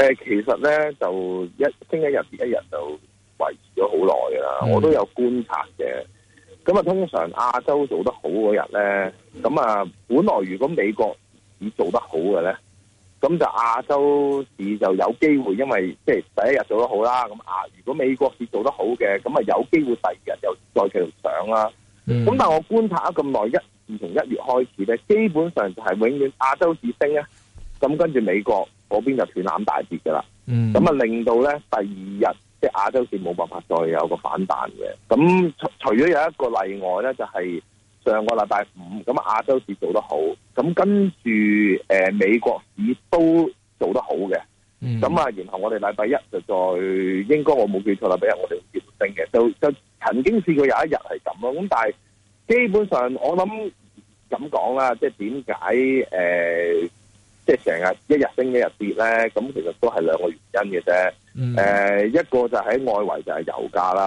誒，其實咧就一升一日跌一日就維持咗好耐㗎啦。我都有觀察嘅。咁啊，通常亞洲做得好嗰日咧，咁啊，本來如果、就是、如果美國市做得好嘅咧，咁就亞洲市就有機會，因為即係第一日做得好啦。咁啊，如果美國市做得好嘅，咁啊，有機會第二日又再繼續上啦。咁但係我觀察咗咁耐，一自從一月開始咧，基本上就係永遠亞洲市升啊。咁跟住美國。嗰邊就斷纜大跌嘅啦，咁、嗯、啊令到咧第二日即係亞洲市冇辦法再有個反彈嘅。咁除除咗有一個例外咧，就係、是、上個禮拜五，咁亞洲市做得好，咁跟住誒、呃、美國市都做得好嘅。咁、嗯、啊，那然後我哋禮拜一就再應該我冇記錯啦，禮拜一我哋會跌升嘅。就就曾經試過有一日係咁咯。咁但係基本上我諗咁講啦，即係點解誒？就是即係成日一日升一日跌咧，咁其實都係兩個原因嘅啫。誒、嗯，一個就喺外圍就係油價啦，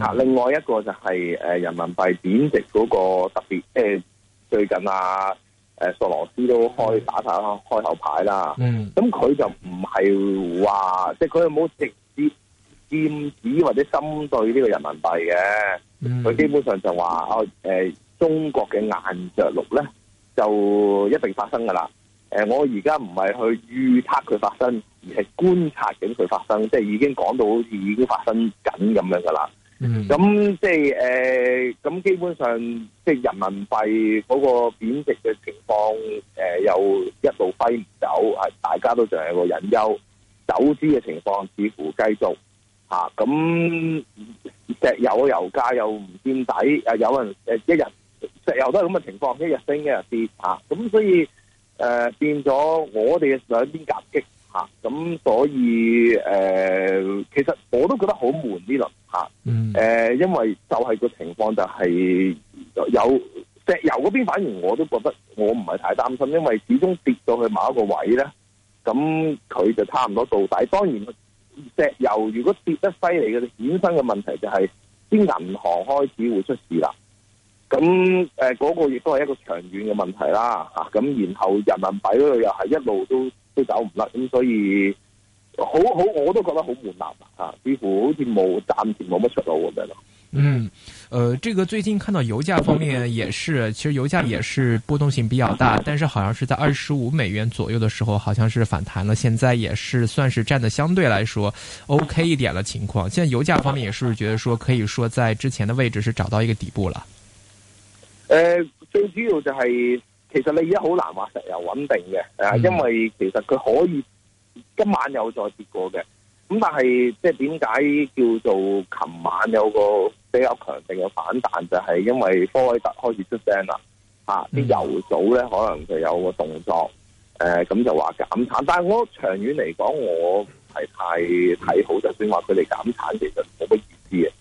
啊、嗯，另外一個就係誒人民幣貶值嗰個特別，即、呃、係最近啊，誒索羅斯都開、嗯、打晒開頭牌啦。咁、嗯、佢、嗯、就唔係話，即係佢有冇直接劍指或者針對呢個人民幣嘅，佢、嗯、基本上就話哦，誒、呃、中國嘅硬着陸咧就一定發生噶啦。誒，我而家唔係去預測佢發生，而係觀察緊佢發生，即係已經講到好似已經發生緊咁樣噶啦。咁、嗯、即係誒，咁、呃、基本上即係人民幣嗰個貶值嘅情況，誒、呃、又一路揮唔走，係大家都仲係個隱憂。走資嘅情況似乎繼續嚇，咁、啊、石油嘅油價又唔見底，誒有人誒一日石油都係咁嘅情況，一日升一日跌嚇，咁、啊、所以。誒、呃，變咗我哋兩邊夾擊吓，咁、啊、所以誒、呃，其實我都覺得好悶呢輪吓，誒、啊呃，因為就係個情況就係有石油嗰邊，反而我都覺得我唔係太擔心，因為始終跌到去某一個位咧，咁佢就差唔多到底。當然，石油如果跌得犀利嘅，衍生嘅問題就係啲銀行開始會出事啦。咁誒嗰個亦都係一個長遠嘅問題啦，嚇咁然後人民幣嗰度又係一路都都走唔甩，咁所以好好我都覺得好悶難啊，幾乎好似冇暫時冇乜出路咁樣咯。嗯，誒、呃，這個最近看到油價方面也是，其實油價也是波動性比較大，但是好像是在二十五美元左右的時候，好像是反彈了，現在也是算是佔得相對來說 OK 一點嘅情況。現在油價方面也是，不是覺得說，可以說在之前的位置是找到一個底部了。誒、呃，最主要就係、是，其實你而家好難話石油穩定嘅，誒、啊、嗯、因為其實佢可以今晚有再跌過嘅，咁但係即係點解叫做琴晚有個比較強勁嘅反彈，就係、是、因為科威特開始出聲啦，吓、啊、啲、嗯、油組咧可能就有個動作，誒、呃，咁就話減產，但係我長遠嚟講，我唔係太睇好，就算話佢哋減產，其實冇乜意思嘅。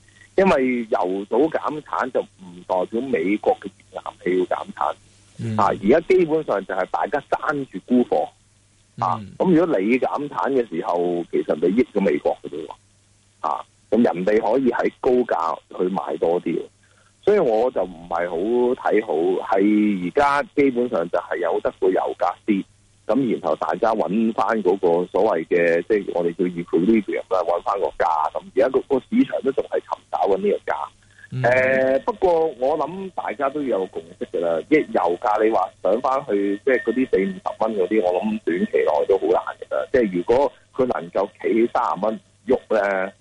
因為油組減產就唔代表美國嘅燃油氣要減產，mm. 啊，而家基本上就係大家爭住沽貨，mm. 啊，咁如果你減產嘅時候，其實你益咗美國嘅啫，啊，咁人哋可以喺高價去買多啲，所以我就唔係好睇好，喺而家基本上就係有得過油價跌。咁，然後大家揾翻嗰個所謂嘅，即係我哋叫 equilibrium 啦，揾翻個價。咁而家個市場都仲係尋找緊呢個價。誒、嗯呃，不過我諗大家都有共識噶啦。一油價你話上翻去，即係嗰啲四五十蚊嗰啲，我諗短期內都好難噶。即係如果佢能夠企起三十蚊喐咧，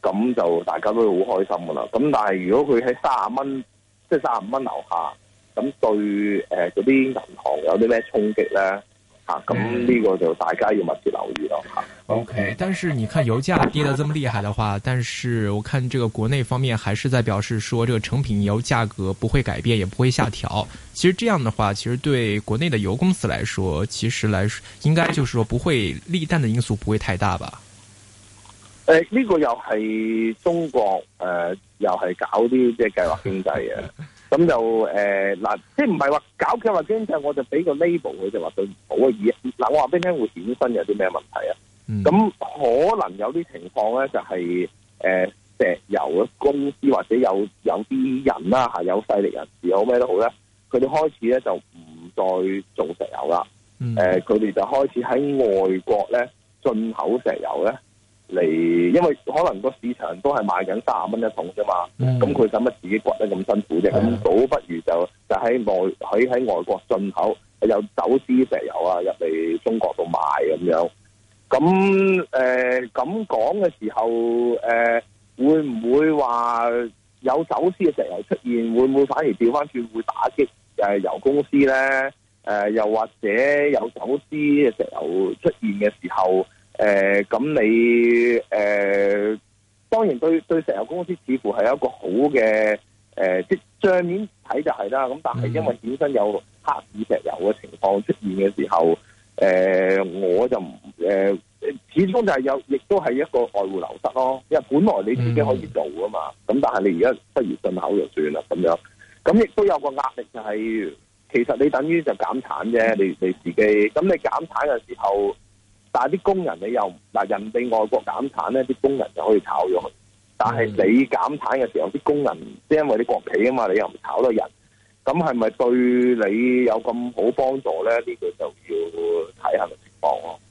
咁就大家都好開心噶啦。咁但係如果佢喺三十蚊，即係三十五蚊樓下，咁對誒嗰啲銀行有啲咩衝擊咧？啊，咁呢個就大家要密切留意咯。OK，但是你看油價跌得這麼厲害的話，但是我看這個國內方面還是在表示說，這個成品油價格不會改變，也不會下調。其實這樣的話，其實對國內的油公司來說，其實來說應該就是說不會利淡的因素不會太大吧？誒、呃，呢、這個又係中國誒、呃，又係搞啲即係計劃經濟嘅。咁就誒嗱、呃，即係唔係話搞計劃經濟，我就俾個 label 佢就話對唔好嘅嘢，嗱、呃、我話俾你聽，會衍生有啲咩問題啊？咁、嗯、可能有啲情況咧、就是，就係誒石油公司或者有有啲人啦，有勢力人士，有咩都好咧，佢哋開始咧就唔再做石油啦。誒、嗯呃，佢哋就開始喺外國咧進口石油咧。嚟，因為可能個市場都係賣緊三十蚊一桶啫嘛，咁佢使乜自己掘得咁辛苦啫？咁倒不如就就喺外喺喺外國進口，有走私石油啊入嚟中國度賣咁樣。咁誒咁講嘅時候，誒、呃、會唔會話有走私嘅石油出現？會唔會反而調翻轉會打擊誒油公司咧？誒、呃、又或者有走私嘅石油出現嘅時候，誒、呃，咁你誒、呃，當然對對石油公司似乎係一個好嘅，誒、呃，即係帳面睇就係啦。咁但係因為本身有黑市石油嘅情況出現嘅時候，誒、呃，我就唔誒、呃，始終就係有亦都係一個外匯流失咯。因為本來你自己可以做㗎嘛，咁但係你而家不如進口就算啦咁樣，咁亦都有個壓力就係，是，其實你等於就減產啫，你你自己咁你減產嘅時候。但係啲工人你又，但係人哋外國減產咧，啲工人就可以炒咗佢。但係你減產嘅時候，啲工人即係因為啲國企啊嘛，你又唔炒到人，咁係咪對你有咁好幫助咧？呢個就要睇下個情況咯。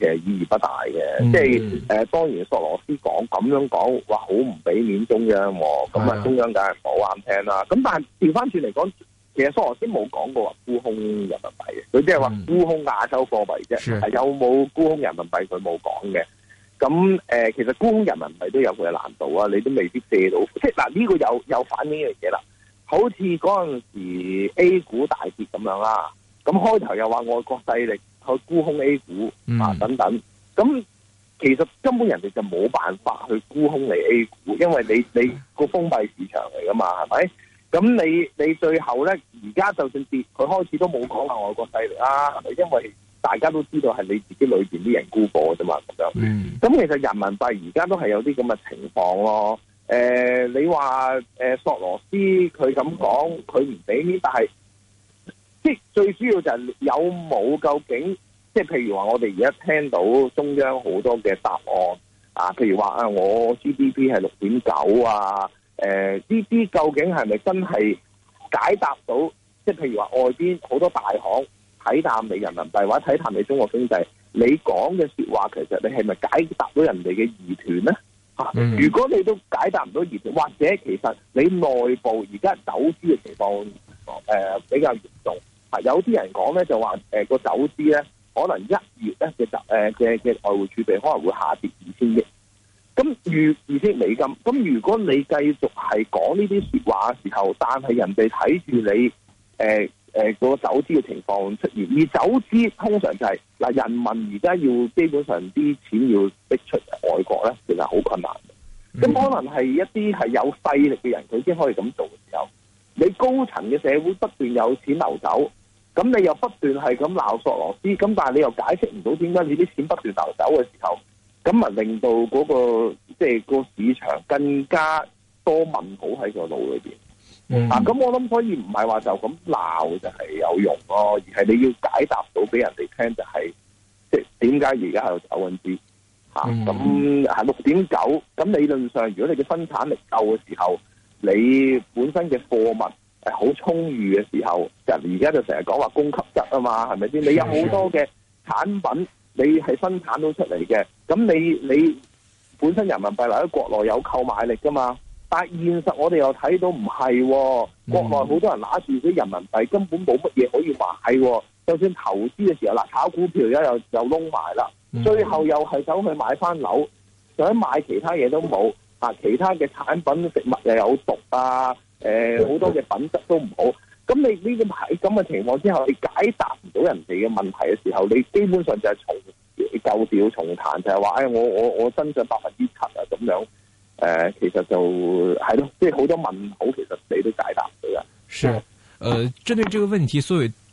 其實意義不大嘅、嗯，即係誒、呃、當然，索羅斯講咁樣講話好唔俾面中央，咁啊、嗯、中央梗係唔好啱聽啦。咁、啊、但係調翻轉嚟講，其實索羅斯冇講過話沽空人民幣嘅，佢即係話沽空亞洲貨幣啫，嗯、有冇沽空人民幣佢冇講嘅。咁誒、啊、其實沽空人民幣都有佢嘅難度啊，你都未必借到。即嗱呢、啊這個又又反映一樣嘢啦，好似嗰陣時候 A 股大跌咁樣啦，咁、啊、開頭又話外國勢力。去沽空 A 股啊、嗯、等等，咁其實根本人哋就冇辦法去沽空嚟 A 股，因為你你個封閉市場嚟噶嘛，係咪？咁你你最後咧，而家就算跌，佢開始都冇講下外國勢力啊，係咪？因為大家都知道係你自己裏邊啲人沽過啫嘛，咁樣。咁、嗯、其實人民幣而家都係有啲咁嘅情況咯。誒、呃，你話誒、呃、索羅斯佢咁講，佢唔俾面，但係。即係最主要就係有冇究竟，即係譬如話我哋而家聽到中央好多嘅答案啊，譬如話啊我 GDP 係六點九啊，誒呢啲究竟係咪真係解答到？即係譬如話外邊好多大行睇淡你人民幣，或者睇淡你中國經濟，你講嘅說的話其實你係咪解答到人哋嘅疑團咧？吓、啊，如果你都解答唔到疑團，或者其實你內部而家走資嘅情況誒、呃、比較嚴重。有啲人講咧，就話誒個走資咧，可能一月咧嘅走誒嘅嘅外匯儲備可能會下跌二千億。咁預二千億美金，咁如果你繼續係講呢啲説話的時候，但係人哋睇住你誒誒個走資嘅情況出現，而走資通常就係、是、嗱人民而家要基本上啲錢要逼出外國咧，其實好困難。咁可能係一啲係有勢力嘅人，佢先可以咁做嘅時候，你高層嘅社會不斷有錢流走。咁你又不斷係咁鬧索羅斯，咁但係你又解釋唔到點解你啲錢不斷流走嘅時候，咁咪令到嗰、那個即係、就是、個市場更加多問號喺個腦裏邊。嗱、mm-hmm. 啊，咁我諗可以唔係話就咁鬧就係有用咯、啊，而係你要解答到俾人哋聽、就是，就係即係點解而家喺度走緊資吓咁係六點九。咁、啊 mm-hmm. 啊、理論上，如果你嘅生產力夠嘅時候，你本身嘅貨物，係好充裕嘅時候，人而家就成日講話供給側啊嘛，係咪先？你有好多嘅產品，你是分產的，你係生產到出嚟嘅，咁你你本身人民幣留喺國內有購買力噶嘛？但現實我哋又睇到唔係，喎，國內好多人拿住啲人民幣根本冇乜嘢可以買，喎，就算投資嘅時候嗱，炒股票又又窿埋啦，最後又係走去買翻樓，想買其他嘢都冇，啊其他嘅產品食物又有毒啊！誒、呃，好多嘅品質都唔好，咁你呢個喺咁嘅情況之下，你解答唔到人哋嘅問題嘅時候，你基本上就係從舊調重彈，就係話誒，我我我增長百分之七啊，咁樣誒、呃，其實就係咯，即係好多問號，其實你都解答唔到。是、啊，誒、呃，針對這個問題，所以。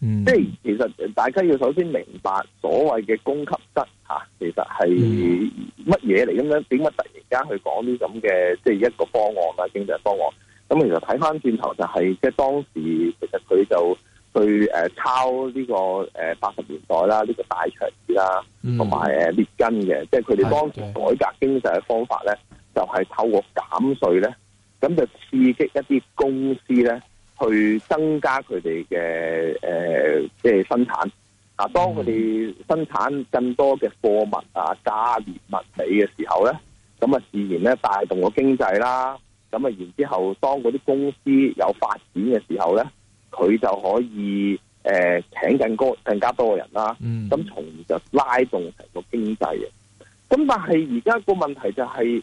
即、嗯、係其實大家要首先明白所謂嘅供給側吓、啊，其實係乜嘢嚟咁樣？點解突然間去講啲咁嘅即係一個方案啦，經濟方案？咁其實睇返轉頭就係、是、即係當時其實佢就去誒抄呢個誒八十年代啦、呢、這個大場子啦，同埋誒列根嘅、嗯、即係佢哋當時改革經濟嘅方法咧，就係、是、透過減稅咧，咁就刺激一啲公司咧。去增加佢哋嘅誒，即、呃、係、就是、生產。啊，當佢哋生產更多嘅貨物啊、價廉物美嘅時候咧，咁啊，自然咧帶動個經濟啦。咁啊，然之後當嗰啲公司有發展嘅時候咧，佢就可以誒、呃、請更多、更加多嘅人啦。嗯，咁從而就拉動成個經濟啊。咁但係而家個問題就係、是，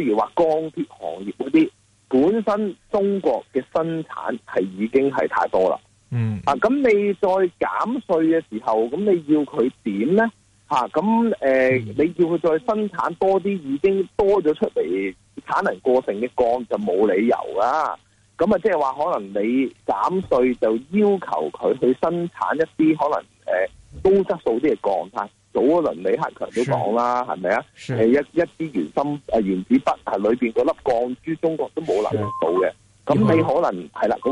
譬如話鋼鐵行業嗰啲。本身中國嘅生產係已經係太多啦，嗯啊咁你再減稅嘅時候，咁你要佢點咧？吓咁誒，你叫佢再生產多啲，已經多咗出嚟產能過剩嘅鋼就冇理由噶。咁啊，即係話可能你減稅就要求佢去生產一啲可能誒高質素啲嘅鋼啦。早嗰輪李克強都講啦，係咪啊？係一一支原心啊，原子筆係裏邊嗰粒鋼珠，中國都冇能力做到嘅。咁你可能係啦。